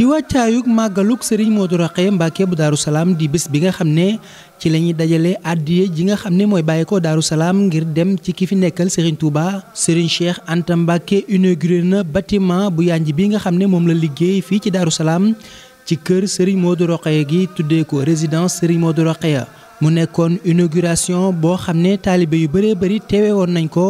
ci wàccaayug màggalug sëriñ Modou Rokhaya Mbacké bu Daaru Salaam di bés bi nga xam ne ci lañuy dajale àddiya ji nga xam ne mooy bàyyi ko Daaru Salaam ngir dem ci ki fi nekkal sëriñ Touba Serigne Cheikh Anta Mbacké inauguré na bâtiment bu yànj bi nga xam ne moom la liggéey fii ci Daaru Salaam ci kër Serigne Modou Rokhaya gi tuddee ko résidence Serigne Modou Rokhaya mu nekkoon inauguration boo xam ne taalibe yu bëree bëri teewe woon nañ ko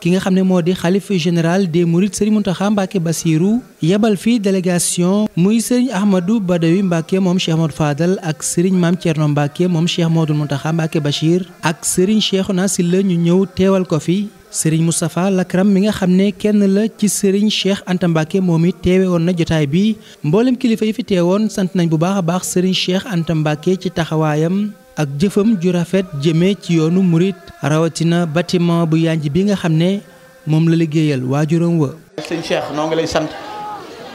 ki nga xam ne moo di xalifa général des mourides Serigne Mountakha Mbacké Bassirou yebal fii délégation muy Serigne Ahmadou Badawi Mbacké moom Cheikh Modou Fadal ak Serigne Mame Thierno Mbacké moom Cheikh Modou Mountakha Mbacké Bachir ak Serigne Cheikhouna Sylla ñu ñëw teewal ko fi sëriñ Moustapha Lakram mi nga xam ne kenn la ci sëriñ Cheikh Anta moom it teewe woon na jotaay bi mboolem kilifa yi fi teewoon sant nañ bu baax a baax sëriñ Cheikh Anta ci taxawaayam ak jëfam ju rafet jëmee ci yoonu murit rawatina bâtiment bu yànj bi nga xam ne moom la liggéeyal waajuram wa. sëñ Cheikh noo ngi lay sant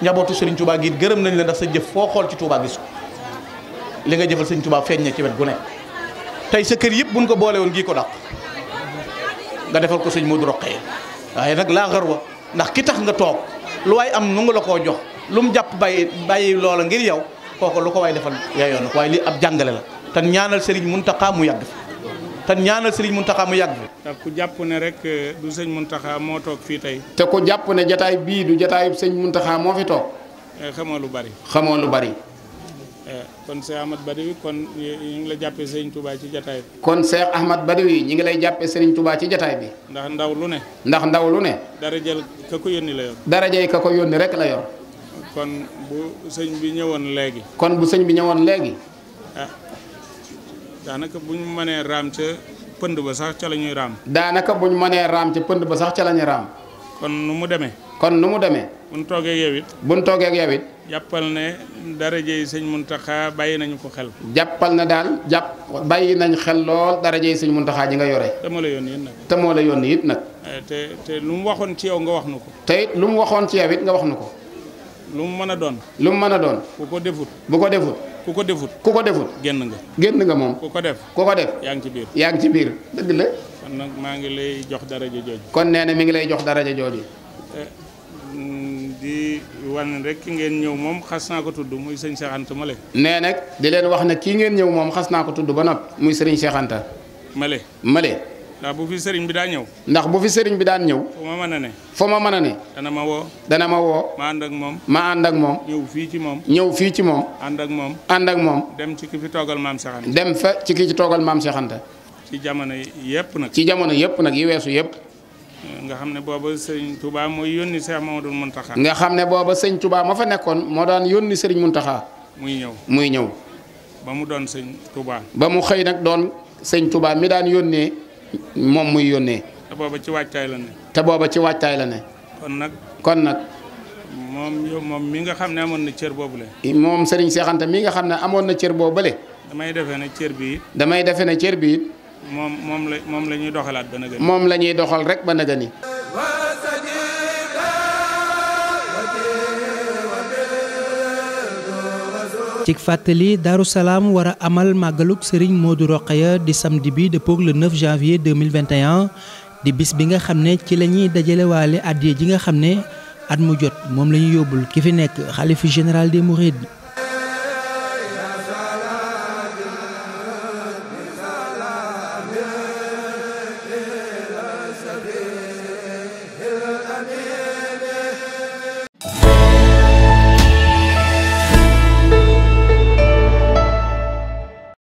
njabootu sëriñ Touba gi gërëm nañ la ndax sa jëf foo xool ci Touba gis li nga jëfal sëñ Touba feeñ na ci wet gu ne tey sa kër yëpp buñ ko boole woon ko dàq nga defal ko sëñ Modou Rokhaya waaye nag laa xar wa ndax ki tax nga toog lu waay am nu nga la koo jox lu mu jàpp bàyyi bàyyi loola ngir yow kooku lu ko waay defal yaayoo na waaye lii ab jàngale la ten ñaanal Serigne Mountakha mu yàgg fi tan ñaanal Serigne Mountakha mu yàgg fi te ku jàpp ne rek euh, du sëñ Mountakha moo toog fii tey te ku jàpp ne jataay bii du jataayu sëñ Mountakha moo fi toog eh, xamoo lu bari xamoo lu bari kon Cheikh Ahmad Badawi kon ñu ngi la jàppee Serigne Touba ci jataay bi. kon Cheikh Ahmad Badawi ñi ngi lay jàppee Serigne Touba ci jataay bi. ndax ndaw lu ne. ndax ndaw lu ne. darajal ka ko yónni la yor. yi ka ko yónni rek la yor. kon bu sëñ bi ñëwoon léegi. kon bu sëñ bi ñëwoon léegi. Ah, daanaka bu ñu mënee raam ca pënd ba sax ca la ñuy raam. daanaka bu ñu mënee raam ca pënd ba sax ca la ñuy raam. kon nu mu demee. kon nu mu demee. bu ñu toogee ak yow it. bu ñu toogee yow it. jàppal ne darajey sëñ Muntaxa bàyyi nañu ko xel. jàppal na daal jàpp bàyyi nañu xel lool darajey sëñ Muntaxa ji nga yore. te moo la yónni it nag. te moo la yónni it nag. Eh, te te lu mu waxoon ci yow nga wax nu ko. tey lu mu waxoon ci yow it nga wax nu ko. lu mu mën a doon. lu mu mën a doon. bu ko defut. bu ko defut. ku ko defut ku ko defut. génn nga génn nga moom. ku ko def ku ko def. yaa ngi ci biir yaa ngi ci biir dëgg la. kon nag maa ngi lay jox daraja jooju. kon nee na mi ngi lay jox daraja jooju. Eh, di wan rek ki ngeen ñëw moom xas naa ko tudd muy sëñ Cheikh ma Male. nee nag di leen wax ne kii ngeen ñëw moom xas naa ko tudd ba nopp muy sëriñ Cheikh Anta. Male Male. ndax bu fi sëriñ bi daan ñëw. ndax bu fi sëriñ bi daan ñëw. fu ma man a ne. fu ma mën a ne. dana ma woo. dana ma woo. ma ànd ak moom. ma ànd ak moom. ñëw fii ci moom. ñëw fii ci moom. ànd ak moom. ànd ak moom. dem ci ki fi toogal maam Cheikh dem fa ci ki ci toogal maam Cheikh Anta. ci jamono yëpp nag. ci jamono yëpp nag yi weesu yëpp. nga xam ne booba sëriñ Touba mooy yónni Cheikh Mamadou Mountakha. nga xam ne booba sëñ Touba ma fa nekkoon moo daan yónni sëriñ Mountakha. muy ñëw muy ñëw. ba mu doon sëñ Touba. ba mu xëy nag doon sëñ tubaa mi daan yónnee moom muy yónnee. te booba ci waajtaay la ne. te booba ci waajtaay la ne. kon nag kon nag. moom moom mi nga xam ne amoon na cër boobule. moom sëriñ Cheikh Anta mi nga xam ne amoon na cër boobule. damay defe ne cër bi damay defe ne cër bi moom moom la moom la ñuy doxalaat ba nëgëni. moom la ñuy doxal rek ba nëgëni. cig fàttali Darou Salaam war a amal màggalug Serigne Modou Rokhaya di samedi bi dëppoog le 9 janvier 2021 di bis bi nga xam ne ci la ñuy dajalewaale addiya ji nga xam ne at mu jot moom la yóbbul ki fi nekk xalifu général des Mourides.